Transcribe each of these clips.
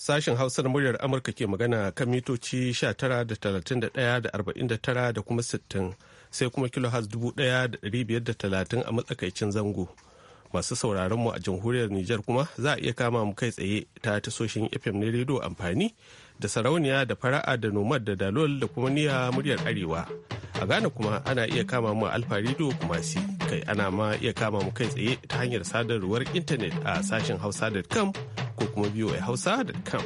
Sashen Hausar muryar Amurka ke magana kan mitoci 19.31 da da 49 da kuma 60 sai kuma kilohaz 1530 a matsakaicin zango. Masu sauraron mu a jamhuriyar Nijar kuma za a iya kama mu kai tsaye ta tasoshin FM na rediyo amfani da sarauniya da fara'a da nomad da dalol da kuma niya muryar arewa a ghana kuma ana iya kama mu alfa rediyo kuma si kai ana ma iya kama mu kai tsaye ta hanyar sadarwar intanet a sashen hausa.com ko kuma a hausa.com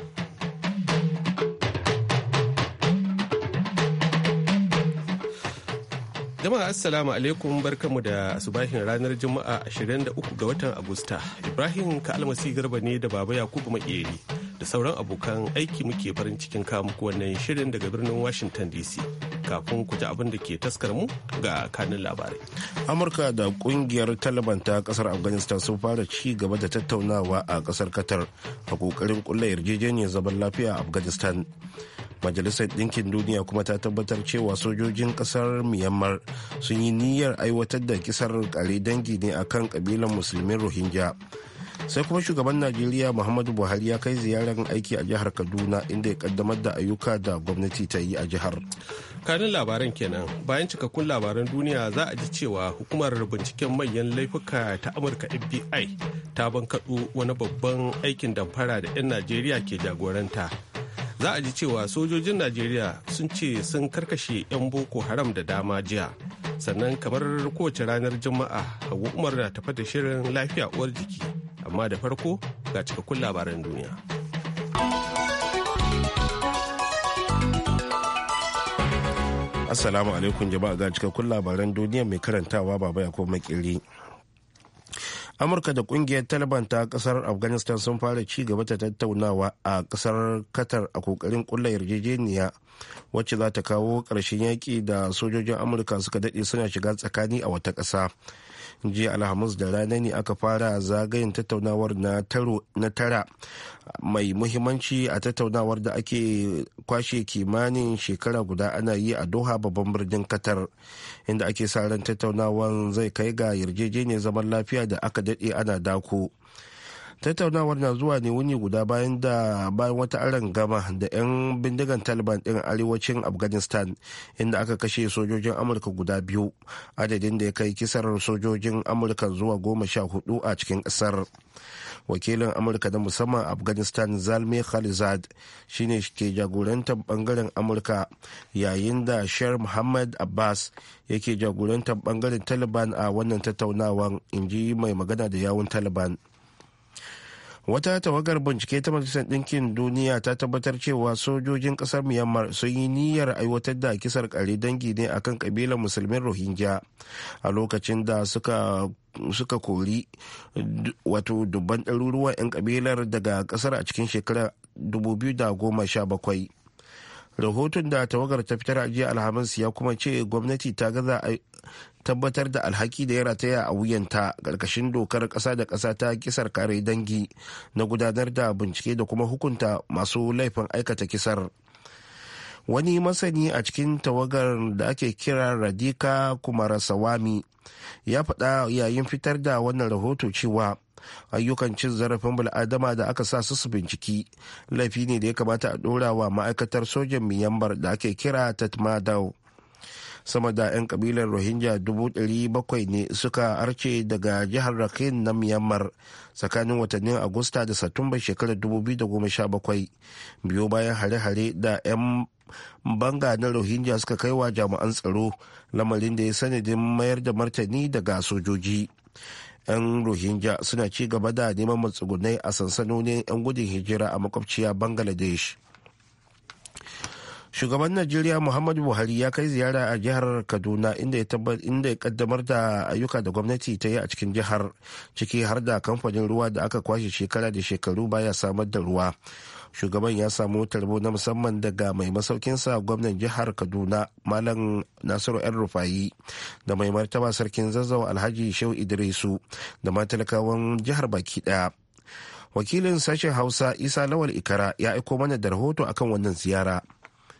jama'a assalamu alaikum barkamu da asubahin ranar juma'a 23 ga watan agusta ibrahim ka almasi garba ne da baba yakubu makeri da sauran abokan aiki muke farin cikin muku wannan shirin daga birnin Washington DC. Kafin ku ji abin da ke taskar mu ga kanin labarai. Amurka da kungiyar Taliban ta kasar Afghanistan sun fara ci gaba da tattaunawa a kasar Qatar a kokarin kulla yarjejeniyar zaman lafiya a Afghanistan. Majalisar Ɗinkin Duniya kuma ta tabbatar cewa sojojin ƙasar Myanmar sun yi niyyar aiwatar da kisar kare dangi ne akan kabilan musulmin Rohingya. sai kuma shugaban najeriya muhammadu buhari ya kai ziyarar aiki a jihar kaduna inda ya kaddamar da ayyuka da gwamnati ta yi a jihar kanin labaran kenan bayan cikakkun labaran duniya za a ji cewa hukumar binciken manyan laifuka ta amurka fbi ta bankaɗo wani babban aikin damfara da 'yan najeriya ke jagoranta za a ji cewa sojojin najeriya sun ce sun karkashe 'yan boko haram da dama jiya sannan kamar kowace ranar juma'a hawa umar na tafa da shirin lafiya uwar jiki amma da farko ga cikakkun labaran duniya. Assalamu alaikum jama'a ga cikakkun labaran duniya mai karantawa baba ya kuma makirri Amurka da kungiyar Taliban ta kasar Afghanistan sun fara ci gaba ta tattaunawa a kasar Qatar a kokarin kulla yarjejeniya wacce za ta kawo ƙarshen yaƙi da sojojin Amurka suka daɗe suna shiga tsakani a wata ƙasa. jiya alhamis da rana ne aka fara zagayen tattaunawar na tara mai muhimmanci a tattaunawar da ake kwashe kimanin shekara guda ana yi a doha babban birnin katar inda ake sa ran tattaunawar zai kai ga yarjejeniyar zaman lafiya da aka daɗe ana dako tattaunawar na zuwa ne wuni guda bayan da bayan wata aron gama da 'yan bindigan taliban din arewacin afghanistan inda aka kashe sojojin amurka guda biyu adadin da ya kai kisar sojojin amurka zuwa goma sha hudu a cikin kasar wakilin amurka da musamman afghanistan zalmi khalizad shine ke jagorantar bangaren amurka yayin da sher muhammad abbas yake jagorantar bangaren taliban a wannan tattaunawar inji mai magana da yawun taliban wata tawagar bincike ta majalisar ɗinkin duniya ta tabbatar cewa sojojin ƙasar myanmar sun yi niyyar aiwatar da kisar kare dangi ne a kan kabilar musulmin rohingya a lokacin da suka suka kori wato dubban ɗaruruwan 'yan kabilar daga ƙasar a cikin shekarar 2017 rahoton da tawagar ta fitar a jiya alhamis ya kuma ce gwamnati ta gaza tabbatar da alhaki da ya rataya a wuyanta ƙarƙashin dokar ƙasa da ƙasa ta kisar kare dangi na gudanar da bincike da kuma hukunta masu laifin aikata kisar wani masani a cikin tawagar da ake kira radika kumarasawami ya faɗa yayin fitar da wannan rahoto cewa ayyukan cin zarafin bil'adama da aka sa su binciki laifi ne da ya kamata a ɗora wa ma'aikatar sojan miyambar da ake kira tatmadau sama da 'yan kabilar rohingya bakwai ne suka arce daga jihar rakhine na myanmar tsakanin watannin agusta da satumba shekarar 2017 biyo bayan hare-hare da 'yan banga na rohingya suka kai wa jami'an tsaro lamarin da ya sanadin mayar da martani daga sojoji 'yan rohingya suna ci gaba da neman matsugunai a sansanonin 'yan gudun hijira a makwabciya bangladesh shugaban najeriya muhammadu buhari ya kai ziyara a jihar kaduna inda ya kaddamar da ayyuka da gwamnati ta yi a cikin jihar ciki har da kamfanin ruwa da aka kwashe shekara da shekaru baya samar da ruwa shugaban ya samu tarbo na musamman daga mai masaukin masaukinsa gwamnan jihar kaduna malam nasiru yan rufayi da mai martaba sarkin zazzau alhaji shehu idrisu da matalakawan jihar baki daya wakilin sashen hausa isa lawal ikara ya aiko mana da rahoto akan wannan ziyara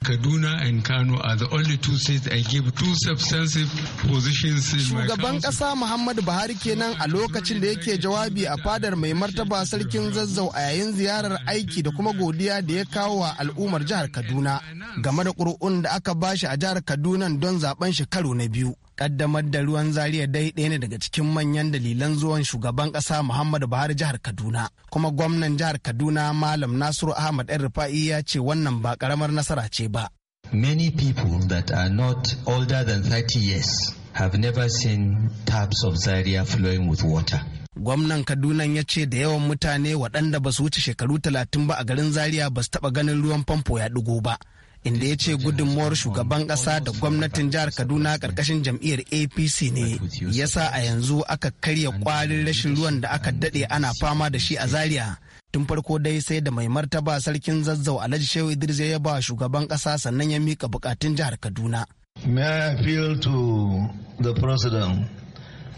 Kaduna and Kano are the only two states I give two substantive positions in Shugaban kasa Muhammadu Buhari kenan a lokacin da yake jawabi a fadar mai martaba sarkin zazzau a yayin ziyarar aiki da kuma godiya da ya kawo wa al'ummar jihar Kaduna game da ƙuri'un da aka bashi a jihar Kaduna don zaben shekaru na biyu. kaddamar da ruwan zaria dai ɗaya ne daga cikin manyan dalilan zuwan shugaban ƙasa muhammadu buhari jihar kaduna kuma gwamnan jihar kaduna malam nasiru ahmad yan rufa'i ya ce wannan ba ƙaramar nasara ce ba many people that are not older than 30 years have never seen taps of zaria flowing with water gwamnan kaduna ya ce da yawan mutane waɗanda ba su wuce shekaru talatin ba a garin zaria ba su taɓa ganin ruwan famfo ya ɗigo ba inda ya ce gudunmuwar shugaban kasa da gwamnatin jihar kaduna karkashin jam'iyyar apc ne yasa a yanzu aka karya kwarin rashin ruwan da aka daɗe ana fama da shi a zaria tun farko dai sai da mai martaba sarkin zazzau alhaji shehu idris ya yaba shugaban kasa sannan ya mika bukatun jihar kaduna may i appeal to the president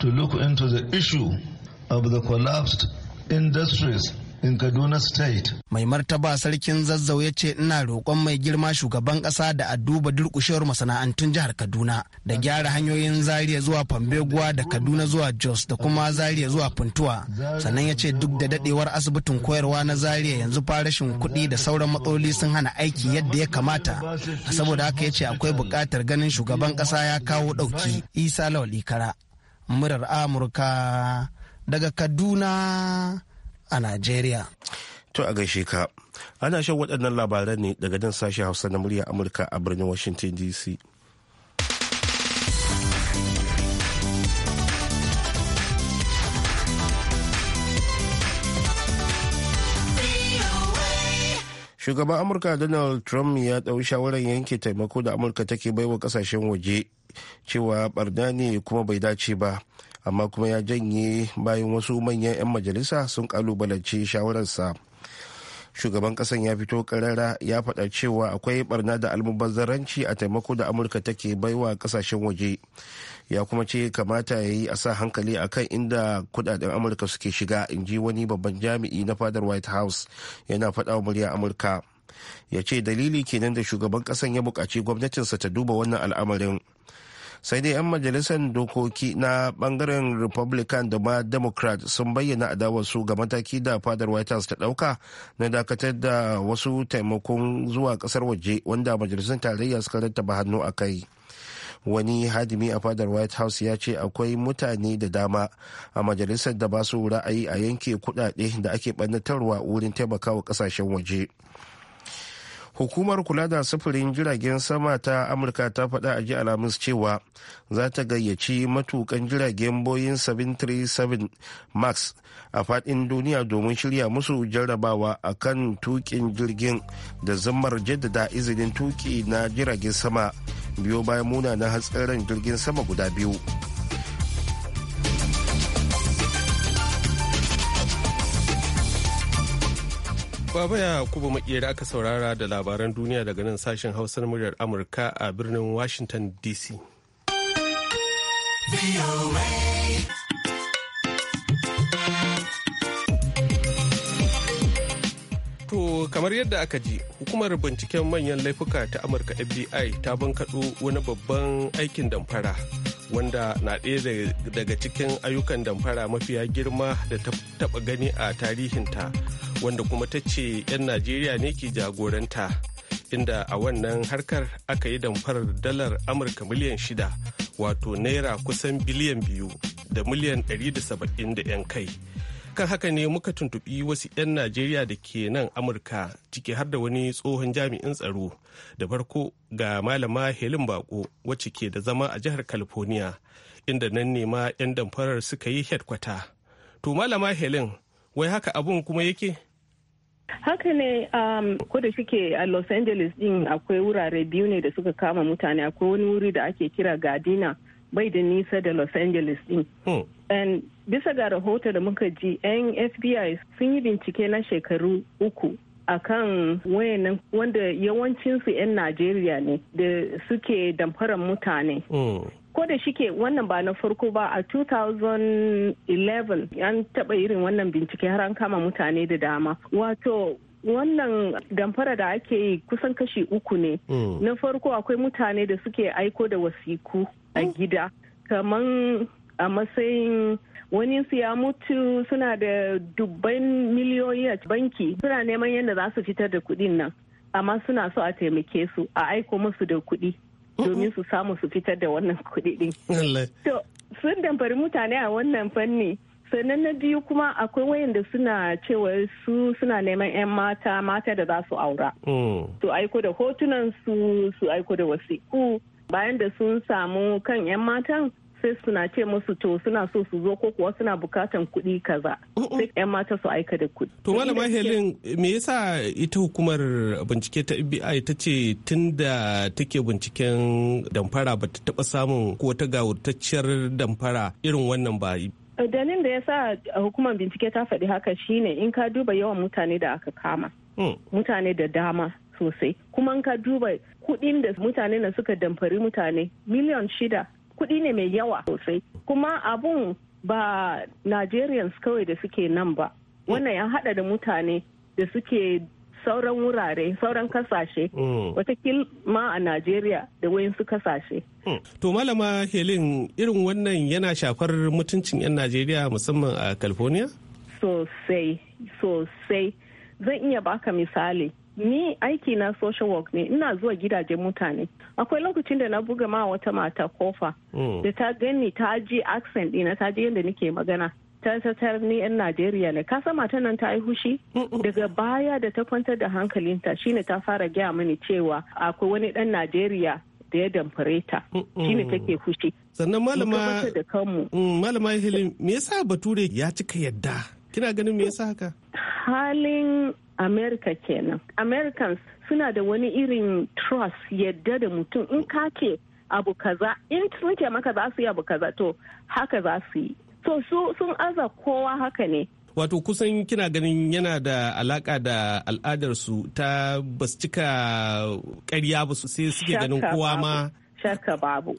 to look into the issue of the collapsed industries in Kaduna State. Mai martaba sarkin zazzau ya ce ina roƙon mai girma shugaban ƙasa da a duba durƙushewar masana'antun jihar Kaduna da gyara hanyoyin Zaria zuwa Fambeguwa da Kaduna zuwa Jos da kuma Zaria zuwa Puntuwa. Sannan ya ce duk da dadewar asibitin koyarwa na Zaria yanzu fa rashin kuɗi da sauran matsaloli sun hana aiki yadda ya kamata. Saboda haka ya ce akwai buƙatar ganin shugaban ƙasa ya kawo ɗauki. Isa Lawal Ikara. Murar Amurka daga Kaduna a Najeriya. To a gaishe ka, ana shan waɗannan labaran ne daga nan sashen Hausa na murya Amurka a birnin Washington DC. shugaban amurka donald trump ya ɗau shawarar yanke taimako da amurka take baiwa kasashen waje cewa barna ne kuma bai dace ba amma kuma ya janye bayan wasu manyan 'yan majalisa sun kalubalance shawararsa shugaban kasan ya fito karara ya faɗa cewa akwai barna da almubazzaranci a taimako da amurka take baiwa kasashen waje ya kuma ce kamata ya yi a sa hankali a kan inda kudaden amurka suke shiga in ji wani babban jami'i na fadar white house yana faɗa wa murya amurka ya ce dalili kenan da shugaban kasan ya bukaci gwamnatinsa ta duba wannan al'amarin sai dai 'yan majalisar dokoki na bangaren republican da ma democrat sun bayyana adawarsu ga mataki da fadar white house ta dauka na dakatar da wasu taimakon zuwa kasar waje wanda majalisar tarayya suka rattaba hannu a kai wani hadimi a fadar white house ya ce akwai mutane da dama a majalisar da ba su ra'ayi a yanke kudade da ake ɓannatarwa wurin taimakawa kasashen waje hukumar kula da sufurin jiragen sama ta amurka ta faɗa a ji alhamis cewa za ta gayyaci matukan jiragen boeing 737 max a faɗin duniya domin shirya musu jarrabawa a kan tukin jirgin da zammar jaddada izinin tuki na jiragen sama biyo bayan na hatsarin jirgin sama guda biyu. Baba ya kuba makera aka saurara da labaran duniya daga nan sashen hausar muryar Amurka a birnin Washington DC. To kamar yadda aka ji hukumar binciken manyan laifuka ta Amurka FBI ta bankaɗo wani babban aikin damfara. wanda na ɗaya daga cikin ayyukan damfara mafiya girma da taɓa gani a tarihinta wanda kuma ta ce 'yan najeriya ne ke jagoranta inda a wannan harkar aka yi damfarar dalar amurka miliyan shida wato naira kusan biliyan biyu da miliyan 170 da 'yan kai kan haka ne muka tuntubi wasu 'yan najeriya da ke nan amurka ciki har da wani tsohon jami'in tsaro da farko ga malama helin bako wacce ke da zama a jihar california inda nan ne ma 'yan damfarar suka yi headkwata to malama helin wai haka abun kuma yake haka ne um, ko da shike a los angeles din akwai wurare biyu ne da suka kama mutane akwai wani wuri da ake kira gadina bai da nisa da los angeles din hmm. bisa ga rahoto da muka ji yan fbi sun yi bincike na shekaru uku akan wayannan wanda yawancinsu 'yan najeriya ne da suke damfarar mutane hmm. ko da shike wannan ba na farko ba a 2011 an taba irin wannan bincike har an kama mutane da dama wato wannan damfara da ake yi kusan kashi uku ne hmm. na farko akwai mutane da suke aiko da wasiku a hmm. gida kaman a matsayin wani su ya mutu suna da dubban miliyoyi a banki suna neman yadda za su fitar da kuɗin nan amma suna so a taimake su a aiko musu da kuɗi domin su samu su fitar da wannan kuɗi din To sun damfari mutane a wannan fanni sannan na biyu kuma akwai wayanda suna cewa su suna neman 'yan mata mata da za su aura. Hmm. Su aiko da hotunan su su aiko da wasiku. bayan da sun samu kan 'yan matan sai suna ce musu to suna so su zo ko kuwa suna bukatan kuɗi kaza sai yan mata su aika da kuɗi. To malama Helen me yasa ita hukumar bincike ta FBI ta ce tun da take binciken damfara ba ta taɓa samun ko ta gawurtacciyar damfara irin wannan ba dalilin da ya sa hukumar bincike ta faɗi haka shine in ka duba yawan mutane da aka kama mm. mutane da dama sosai kuma in ka duba kuɗin da mutane na suka damfari mutane miliyan shida kuɗi ne mai yawa sosai kuma abun ba nigerians kawai da suke nan ba mm. wannan ya hada da mutane da suke sauran wurare sauran kasashe mm. watakil ma a Nigeria da wayansu kasashe mm. to malama helin irin wannan yana shafar mutuncin 'yan najeriya musamman a california sosai sosai zan iya baka misali ni aiki na social work ne ina zuwa gidajen mutane akwai lokacin da na buga ma wata mata kofa hmm. da ta gani ta ji accent ɗina ta ji yadda nake magana ta tatar ni yan najeriya ne ka sama ta nan ta yi hushi daga baya da ta kwantar da hankalinta shine ta fara gaya mini cewa akwai wani dan najeriya da ya damfare ta shine take hushi sannan malama mm, malama me yasa bature ya cika yadda kina ganin me yasa haka halin america kenan americans suna da wani irin trust yadda da mutum in ka ce abu kaza in sun ce maka za su yi abu kaza to haka za su yi so sun aza kowa haka ne wato kusan kina ganin yana da alaka da al'adarsu ta ba su cika karya ba su sai suke ganin kowa ma shaka babu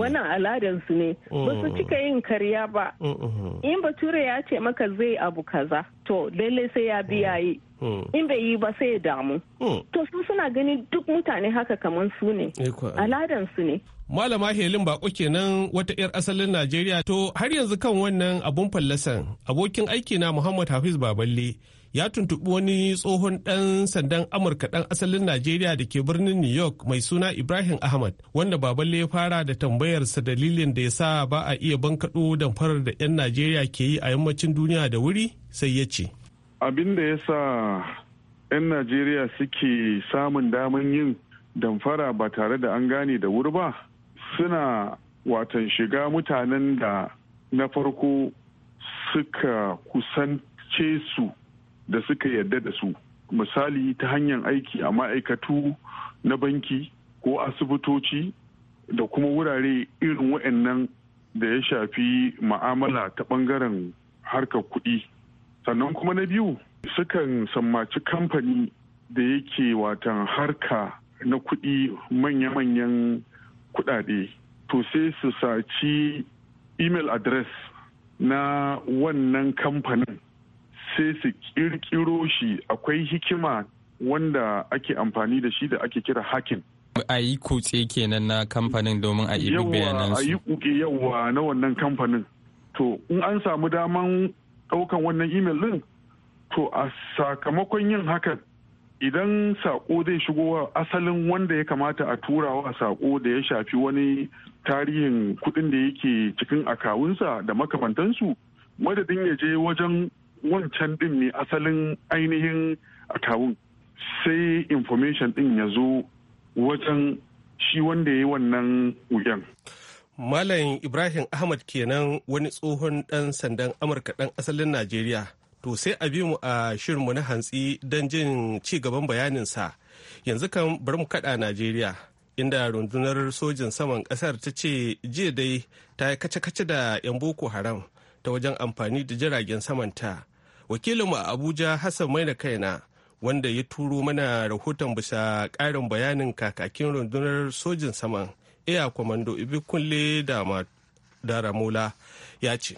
wannan al'adarsu ne ba su mm. cika yin karya ba mm-hmm. in bature ya ce maka zai abu kaza to lallai sai ya biya yi Mm. in bai yi ba sai ya damu mm. to su suna gani duk mutane haka kamar su ne eh, aladan su ne Malama Helin Bako kenan wata 'yar asalin Najeriya to har yanzu kan wannan abun fallasan abokin aikina Muhammad Hafiz Baballe ya tuntuɓi wani tsohon ɗan sandan Amurka ɗan asalin Najeriya da ke birnin New York mai suna Ibrahim Ahmad wanda Baballe ya fara da tambayar sa dalilin da ya sa ba a iya bankaɗo damfarar da 'yan Najeriya ke yi a yammacin duniya da wuri sai ya ce. abin da ya sa 'yan najeriya suke samun daman yin damfara ba tare da an gane da wuri ba suna watan shiga mutanen da na farko suka kusance su da suka yadda da su misali ta hanyar aiki a ma'aikatu na banki ko asibitoci da kuma wurare irin wa'annan da ya shafi ma'amala ta bangaren harkar kuɗi sannan kuma na biyu sukan sammaci kamfani da yake watan harka na kuɗi manya-manyan kuɗaɗe to sai su saci email address na wannan kamfanin sai su kirkiro shi akwai hikima wanda ake amfani da shi da ake kira hakin. a yi kutse kenan na kamfanin domin a ibi bayanan su yawa na wannan kamfanin to in an samu daman ɗaukan wannan imel ɗin to a sakamakon yin hakan idan sako zai shigo wa asalin wanda ya kamata a turawa sako da ya shafi wani tarihin kuɗin da yake cikin akawunsa da makamantansu madadin ya je wajen wancan ɗin ne asalin ainihin akawun sai information ɗin ya zo wajen shi wanda ya yi wannan wuyan. Malam Ibrahim Ahmad kenan wani tsohon ɗan sandan Amurka ɗan asalin Najeriya. To sai a bi mu a shirinmu na hantsi don jin ci gaban bayaninsa. Yanzu kan bari mu kaɗa Najeriya, inda rundunar sojin saman ƙasar ta ce jiya dai ta yi kace-kace da 'yan Boko Haram ta wajen amfani da jiragen samanta. Wakilinmu a Abuja Hassan mai da kaina wanda ya turo mana rahoton bisa ƙarin bayanin kakakin rundunar sojin saman air commando ibikunle da ramola ya ce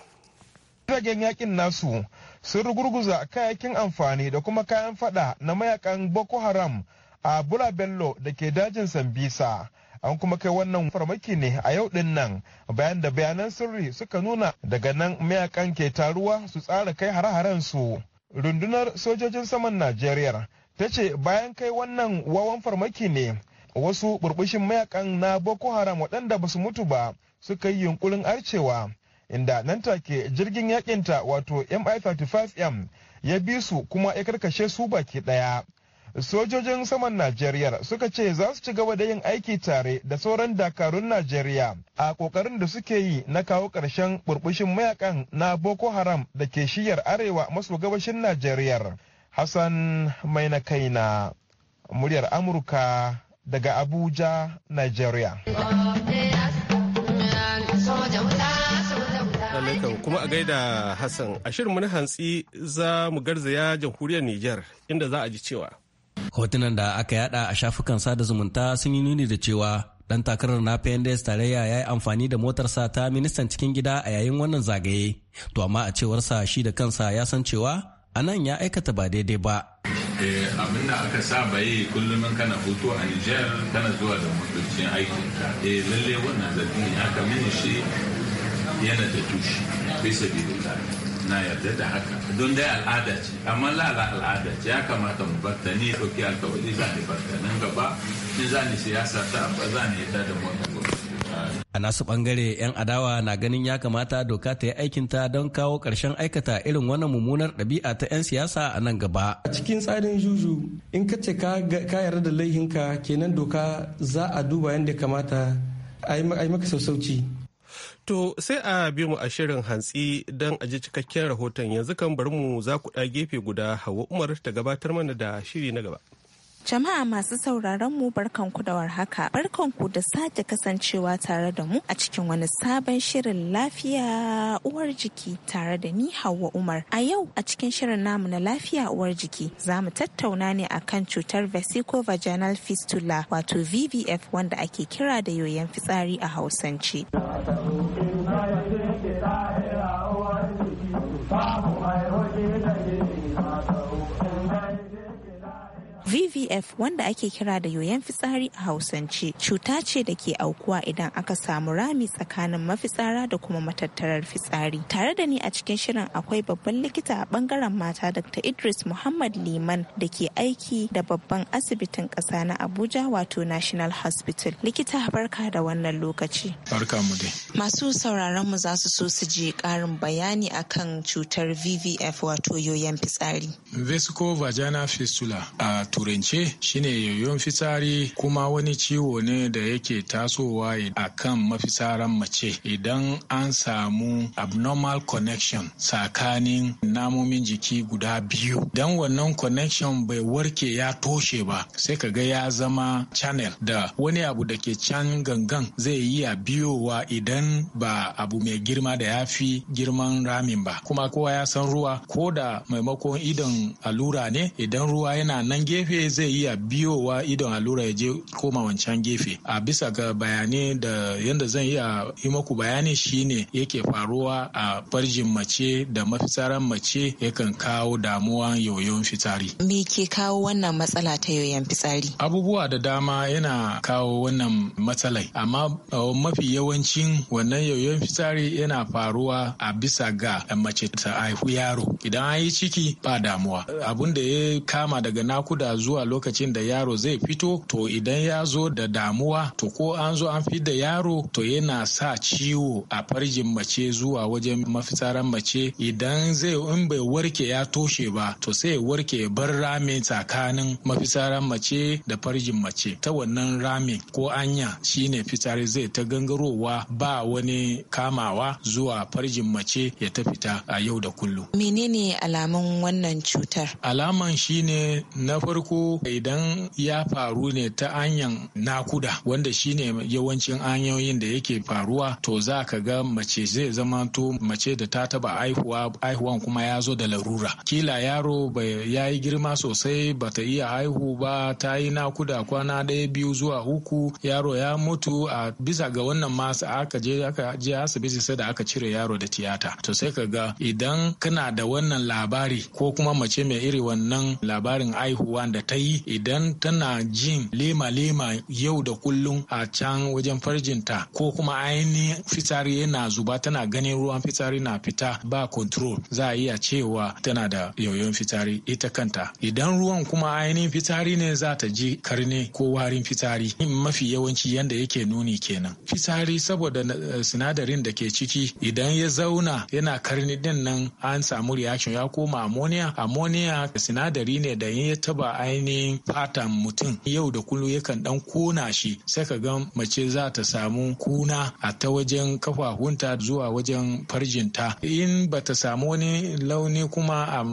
jiragen yakin nasu sun rugurguza kayakin amfani da kuma kayan fada na mayakan boko haram a bello da ke dajin sambisa an kuma kai wannan farmaki ne a yau din nan bayan da bayanan sirri suka nuna daga nan mayakan ke taruwa su tsara kai hare-haren su rundunar sojojin saman najeriya ta ce bayan kai wannan wawan farmaki ne wasu burbushin mayakan na boko haram waɗanda ba su mutu ba suka yi yunkurin arcewa inda nan take jirgin yakinta wato mi-35m ya bi su kuma ya karkashe su baki ɗaya sojojin saman najeriya suka ce za su ci gaba da yin aiki tare da sauran dakarun najeriya a kokarin da suke yi na kawo ƙarshen burbushin mayakan na boko haram da ke shiyar arewa maso gabashin najeriya hassan mai na kaina muryar amurka daga Abuja, Nigeria. kuma a gaida Hassan, a shirin na hantsi za mu garzaya jamhuriyar Nijar inda za a ji cewa. Hotunan da aka yada a shafukan sada zumunta sun yi nuni da cewa dan takarar na PNDS tarayya ya yi amfani da motarsa ta ministan cikin gida a yayin wannan zagaye. To amma a cewarsa shi da kansa ya san cewa a nan ya aikata ba daidai ba. Eh, abin da aka saba yi kullum kana hutu a Nijar kana zuwa da motocin aiki eh lalle wannan zargi ne aka mini shi yana da tushe bai sabi na yarda da haka don dai al'ada ce amma lala al'ada ce ya kamata mu barta ni ɗauki alkawari za barta nan gaba in za siyasa ta za ni yadda da motocin a nasu bangare 'yan adawa na ganin ya kamata doka ta yi aikinta don kawo karshen aikata irin wannan mummunar ɗabi'a ta 'yan siyasa a nan gaba a cikin tsarin juju in ka ce ka yarda da laihinka kenan doka za a duba yadda kamata a yi maka sassauci To sai a bi mu a shirin hantsi don a ji cikakken rahoton yanzu kan bari mu za ku ɗa gefe guda Hawa Umar ta gabatar mana da shiri na gaba. Jama'a masu sauraron mu barkanku da warhaka. Barkanku da sake kasancewa tare da mu a cikin wani sabon shirin lafiya uwar jiki tare da ni Hauwa Umar. A yau a cikin shirin namu na lafiya uwar jiki za mu tattauna ne akan cutar Vaginal fistula wato VVF wanda ake kira da yoyon fitsari a Hausance. vvf wanda ake kira da yoyon fitsari a hausance cuta ce da ke aukuwa idan aka samu rami tsakanin mafitsara da kuma matattarar fitsari tare da ni a cikin shirin akwai babban likita a bangaren mata dr idris muhammad liman da ke aiki da babban asibitin ƙasa na abuja wato national hospital likita barka da wannan lokaci masu sauraron mu za su so su je karin bayani akan cutar vvf wato yoyon fitsari vesico vagina fistula a uh, turance shine yoyon fitsari kuma wani ciwo ne da yake tasowa a kan mafitsaran mace idan an samu abnormal connection tsakanin namomin jiki guda biyu dan wannan connection bai warke ya toshe ba sai ka ga ya zama channel da wani abu da ke can gangan zai yi a biyowa idan ba abu mai girma da ya fi girman ramin ba kuma kowa ya san ruwa ko da maimakon idon allura ne idan ruwa yana nan gefe gefe zai iya biyowa idon allura ya je koma wancan gefe a bisa ga bayanai da yadda zan iya yi maku bayani shine yake faruwa a farjin mace da mafitsaran mace yakan kawo damuwa yoyon fitsari me ke kawo wannan matsala ta yoyon fitsari abubuwa da dama yana kawo wannan matsalai amma mafi yawancin wannan yoyon fitsari yana faruwa a bisa ga mace ta haihu yaro idan an yi ciki ba damuwa abun da ya kama daga nakuda zuwa lokacin da yaro zai fito to idan ya zo da damuwa to ko an zo an fi da yaro to yana sa ciwo a farjin mace zuwa wajen mafitsaran mace idan zai in bai warke ya toshe ba to sai warke bar rami tsakanin mafitsaran mace da farjin mace ta wannan rami ko anya shine fitsari zai ta gangarowa ba wani kamawa zuwa farjin mace ya ta fita a yau da kullum menene alamun wannan cutar alaman shine na farko farko idan ya faru ne ta hanyar nakuda wanda shine yawancin hanyoyin da yake faruwa to za ka ga mace zai zama to mace da ta taba haihuwa haihuwan kuma ya zo da larura kila yaro ya yi girma sosai ba ta iya haihu ba ta yi nakuda kwana ɗaya biyu zuwa uku yaro ya mutu a bisa ga wannan masu aka je asibiti sai da aka cire yaro da tiyata to sai ka ga idan kana da wannan labari ko kuma mace mai iri wannan labarin haihuwa da ta yi idan tana jin lema-lema yau da kullum a can wajen farjinta ko kuma ainihin fitsari yana zuba tana ganin ruwan fitsari na fita ba control za a iya cewa tana da yoyon fitsari ita kanta idan ruwan kuma ainihin fitsari ne za ta ji karne ko warin fitsari mafi yawanci yanda yake nuni kenan fitsari saboda eh, sinadarin da ke ciki idan ya zauna yana karni din nan an samu reaction ya koma ammonia ammonia sinadari ne da ya taba ainihin fatan mutum yau da kullum yakan dan kona shi sai ka ga mace za ta samu kuna a ta wajen kafafunta zuwa wajen farjinta in ba ta samu wani launi kuma a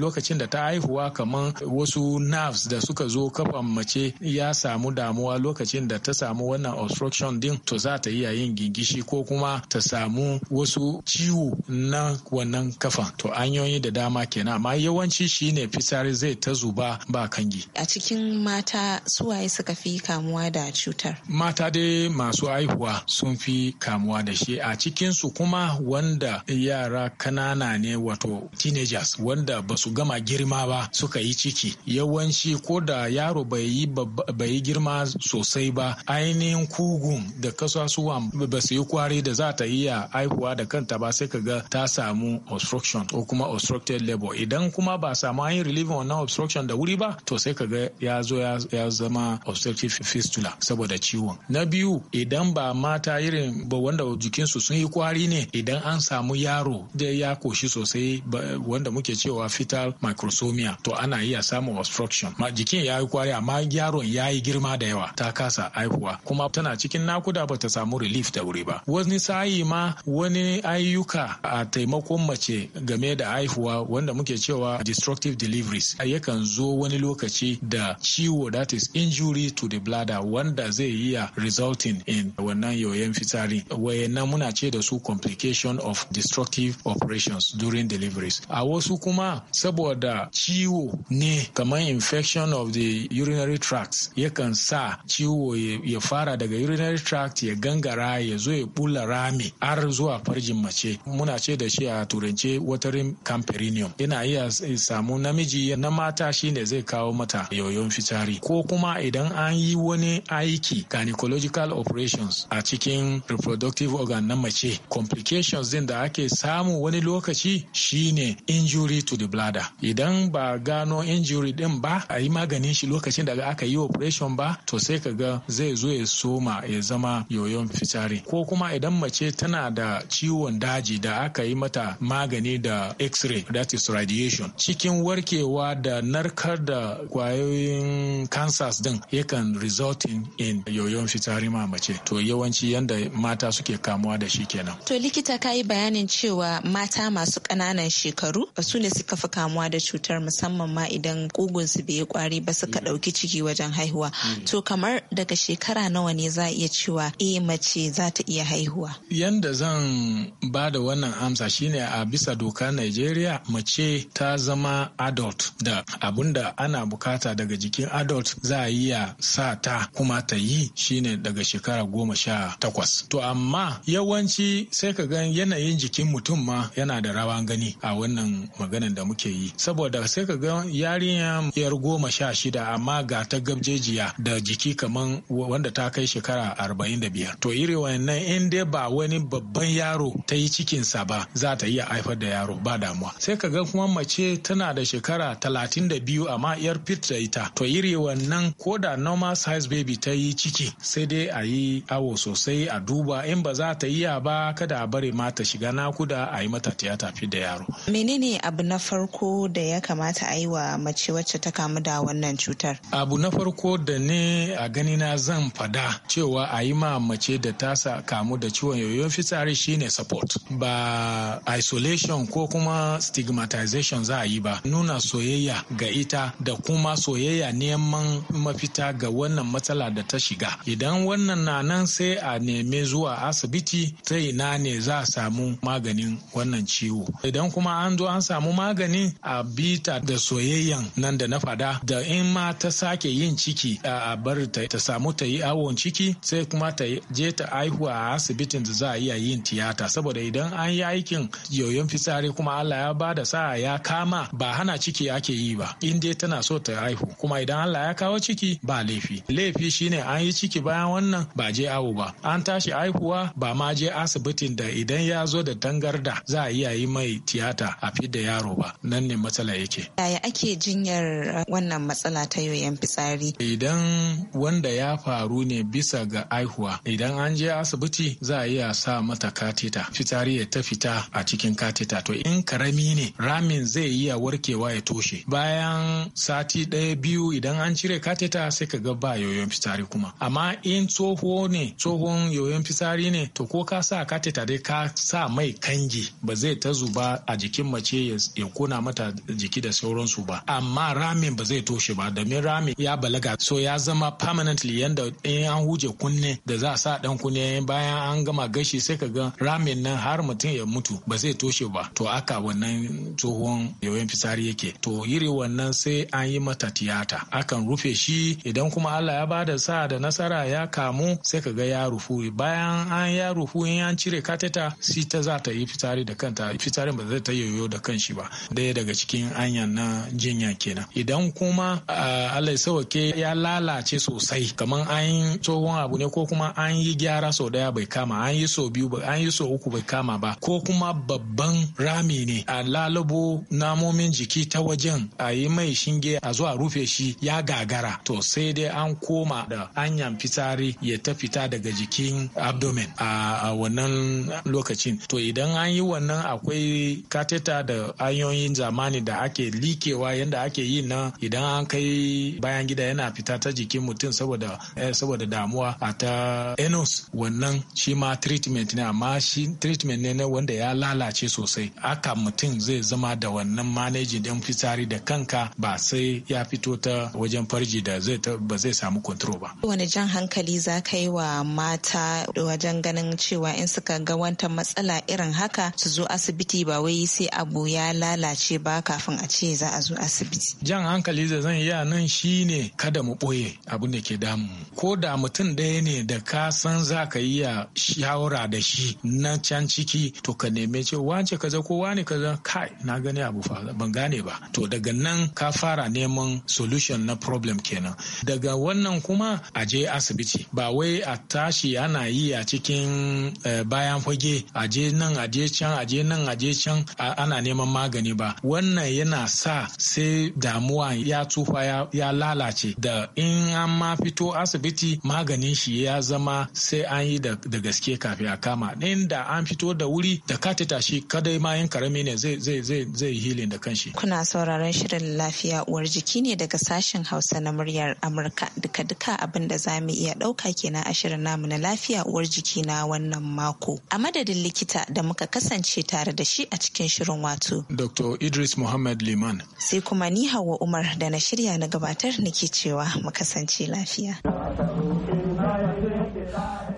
lokacin da ta haihuwa kamar wasu nerves da suka zo kafan mace ya samu damuwa lokacin da ta samu wannan obstruction din to za ta iya yin gingishi ko kuma ta samu wasu ciwo na wannan kafa to hanyoyi da dama kenan amma yawanci shine fitsari zai ta zuba ba kangi. A cikin mata suwaye suka fi kamuwa da cutar? Mata dai masu haihuwa sun fi kamuwa da shi a cikinsu kuma wanda yara kanana ne wato teenagers wanda ba su gama girma ba suka yi ciki yawanci ko da yaro bai yi girma sosai ba ainihin kugun da kasasuwan ba su yi kwari da za ta iya haihuwa da kanta ba sai ga ta samu obstruction ko kuma obstructed labor idan kuma ba samu an yi relieving wannan obstruction da wuri ba to sai ka ga ya zo ya zama obstructive fistula saboda ciwon na biyu idan ba mata irin ba wanda jikinsu sun yi kwari ne idan an samu yaro da ya koshi sosai wanda muke cewa fetal microsomia to ana iya samun obstruction ma jikin ya yi kwari amma yaron ya yi girma da yawa ta kasa haihuwa kuma tana cikin nakuda ba ta samu relief da wuri ba wani sayi ma wani ayyuka a taimakon mace game da haihuwa wanda muke cewa destructive deliveries yakan zo wani lokaci lokaci da ciwo that is injury to the bladder wanda zai iya resulting in wannan yoyon fitsari wayannan muna ce da su complication of destructive operations during deliveries a wasu kuma saboda ciwo ne kamar infection of the urinary tract yakan sa ciwo ya fara daga urinary tract ya gangara ya zo ya bula rami har zuwa farjin mace muna ce da shi a turance watering camperinium yana iya eh, samu namiji na mata shine zai kawo mata yoyon fitsari ko kuma idan an yi wani aiki gynecological operations a cikin reproductive organ na mace complications din da ake samu wani lokaci shine injury to the bladder idan ba gano injury din ba a yi maganin shi lokacin da aka yi operation ba to sai ka ga zai zo ya soma ya zama yoyon fitsari ko kuma idan mace tana da ciwon daji da aka yi mata magani da x-ray that is radiation cikin warkewa da narkar da kwayoyin kansas din yakan resulting in yoyon fitari mace to yawanci yanda mata suke kamuwa da shi kenan to likita ka yi bayanin cewa mata masu ƙananan shekaru ba su ne suka fi kamuwa da cutar musamman ma idan su bai yi kwari ba suka mm. ɗauki ciki wajen haihuwa mm. to kamar daga shekara nawa ne za iya cewa eh mace za ta iya haihuwa yanda zan ba da wannan amsa shine a bisa doka Najeriya mace ta zama adult da abunda ana ana bukata daga jikin adult za a iya sa ta kuma ta yi shine daga shekara goma sha takwas to amma yawanci sai ka gan yanayin jikin mutum ma yana da rawan gani a wannan maganan da muke yi saboda sai ka gan yarinya yar goma sha shida amma ga ta gabjejiya da jiki kamar wanda ta kai shekara arba'in da biyar to iri wannan in dai ba wani babban yaro ta yi cikinsa ba za ta iya haifar da yaro ba damuwa sai ka ga kuma mace tana da shekara talatin da biyu amma yar fit da ita to iri wannan ko da normal size baby ta yi ciki sai dai a yi awo sosai a duba in ba za ta yi iya ba kada a bare mata ta shiga kuda a yi mata tiyata fit da yaro menene abu na farko da ya kamata a yi wa mace wacce ta kamu da wannan cutar abu na farko da ne a gani na zan fada cewa a yi ma mace da ta kamu da ciwon yoyon fitsari shine support ba isolation ko kuma stigmatization za a yi ba nuna soyayya ga ita da da kuma soyayya neman mafita ga wannan matsala da ta shiga idan wannan na nan sai a neme zuwa asibiti ta ina ne za a samu maganin wannan ciwo idan kuma an zo an samu maganin a bita da soyayyan nan da na fada da in ma ta sake yin ciki a bar ta samu ta yi awon ciki sai kuma ta je ta aihu a asibitin da za a iya yin tiyata saboda idan an yi aikin yoyon fitsari kuma Allah ya ba da sa'a ya kama ba hana ciki ake yi ba in dai tana so ta haihu kuma idan Allah ya kawo ciki ba laifi laifi shine an yi ciki bayan wannan ba je awo ba an tashi haihuwa ba ma je asibitin da idan ya zo da dangarda za a iya yi mai tiyata a fidda yaro ba nan ne matsala yake yaya ake jinyar uh, wannan matsala ta yoyon fitsari idan wanda ya faru ne bisa ga haihuwa idan an je asibiti za a iya sa mata katita fitsari ya ta fita a cikin katita to in karami ne ramin zai iya warkewa ya toshe bayan sati ɗaya biyu idan an cire kateta sai ka ga ba yoyon fitsari kuma amma in tsoho ne tsohon yoyon fitsari ne to ko ka sa kateta dai ka sa mai kangi ba zai ta zuba a jikin mace ya kona mata jiki da sauransu ba amma ramin ba zai toshe ba min ramin ya balaga so ya zama permanently yanda in an huje kunne da za a sa dan kunne bayan an gama gashi sai ka ga ramin nan har mutum ya mutu ba zai toshe ba to aka wannan tsohon yoyon fitsari yake to yiri wannan sai an an yi mata tiyata akan rufe shi idan kuma Allah ya bada sa da nasara ya kamu sai ka ga ya rufu bayan an ya rufu in an cire kateta shi ta za ta yi fitari da kanta fitarin ba zai ta yoyo da kan shi ba daya daga cikin anyan na jinya kenan idan kuma Allah ya sauke ya lalace sosai kamar an yi tsohon abu ne ko kuma an yi gyara sau daya bai kama an yi sau biyu an yi sau uku bai kama ba ko kuma babban rami ne a lalubo namomin jiki ta wajen a yi mai shin shinge a zuwa rufe shi ya gagara to sai dai an koma da hanyar fitsari ya ta fita daga jikin abdomen a wannan lokacin to idan an yi wannan akwai kateta da hanyoyin zamani da ake likewa yadda ake yi nan idan an kai bayan gida yana fita ta jikin mutum saboda eh, damuwa a ta enos wannan shi ma treatment ne amma shi treatment ne wanda ya lalace sosai aka mutum zai zama da wannan manajin don fitsari da kanka ba sai ya fito ta wajen farji da zai ba zai samu kontrol ba wani jan hankali za ka yi wa mata wajen ganin cewa in suka ga wata matsala irin haka su zo asibiti ba wai sai abu ya lalace ba kafin a ce za a zo asibiti jan hankali da zan yi nan shine kada mu boye abin da ke damu ko da mutum ɗaya ne da ka san za ka iya shawara da shi na can ciki to ka neme ce wance kaza ko wane kaza kai na gani abu fa ban gane ba to daga nan ka fara fara neman solution na problem kenan daga wannan kuma a je asibiti ba wai a tashi ana yi a cikin eh, bayan fage a je nan a je can a je nan a je can ana neman magani ba wannan yana sa sai damuwa ya tufa ya lalace da in an ma fito asibiti maganin shi ya zama sai an yi da gaske kafin a kama ɗin da an fito da wuri da katita shi kadai ma yin karami ne zai zai zai zai hilin da kanshi kuna sauraron shirin lafiya uwar jiki ne daga sashen Hausa na muryar Amurka. Duka-duka abin da za mu iya ɗauka kenan a shirin namu na lafiya uwar jiki na wannan mako. A madadin likita da muka kasance tare da shi a cikin shirin wato. Dr. Idris Muhammad Liman. Sai kuma ni Hauwa Umar da na shirya na gabatar nake cewa mu kasance lafiya.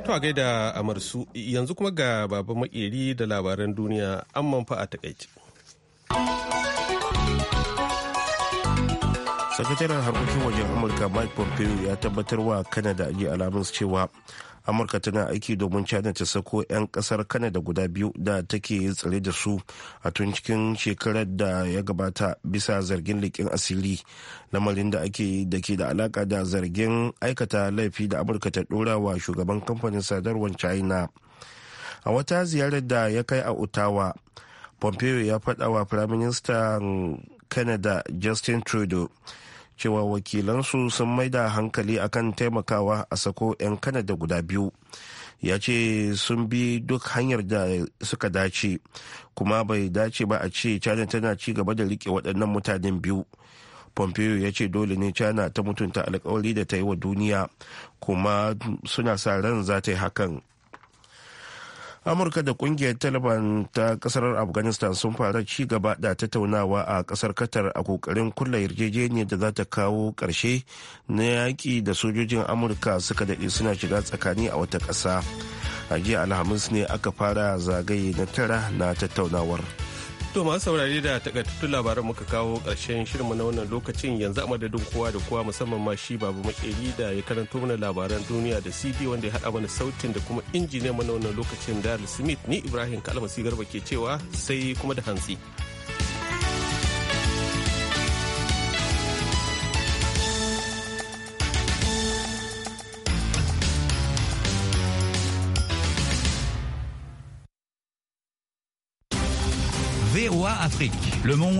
To a gaida amarsu yanzu kuma ga baba makeri da labaran duniya amman fa a takaice. sakataren harkokin wajen amurka mike pompeo ya tabbatar wa kanada ji alamun cewa amurka tana aiki domin china ta sako 'yan kasar kanada guda biyu da take tsare da su a tun cikin shekarar da ya gabata bisa zargin likin asiri lamarin da ake da ke da alaka da zargin aikata laifi da amurka ta dora wa shugaban kamfanin sadarwar china a wata ziyarar da ya kai a ottawa pompeo ya faɗa wa firaministan canada justin trudeau cewa wakilansu sun maida hankali akan taimakawa a sako 'yan kanada guda biyu ya ce sun bi duk hanyar da suka dace kuma bai dace ba a ce china tana ci gaba da rike waɗannan mutanen biyu pompeo ya ce dole ne china ta mutunta alkawari da ta yi wa duniya kuma suna sa ran za ta yi hakan amurka da kungiyar taliban ta kasar afghanistan sun fara ci gaba da tattaunawa a kasar qatar a kokarin kulla yarjejeniyar da za ta kawo karshe na yaƙi da sojojin amurka suka daɗe suna shiga tsakani a wata ƙasa a jiya alhamis ne aka fara zagaye na tara na tattaunawar To masu saurari da takaitattun labaran muka kawo ƙarshen shirinmu na wannan lokacin yanzu a madadin kowa da kowa musamman ma shi babu makeri da ya karanto mana labaran duniya da CD wanda ya haɗa mana sautin da kuma injiniyan mana wannan lokacin Daryl Smith ni Ibrahim Kalmasi Garba ke cewa sai kuma da hantsi. Afrique. Le monde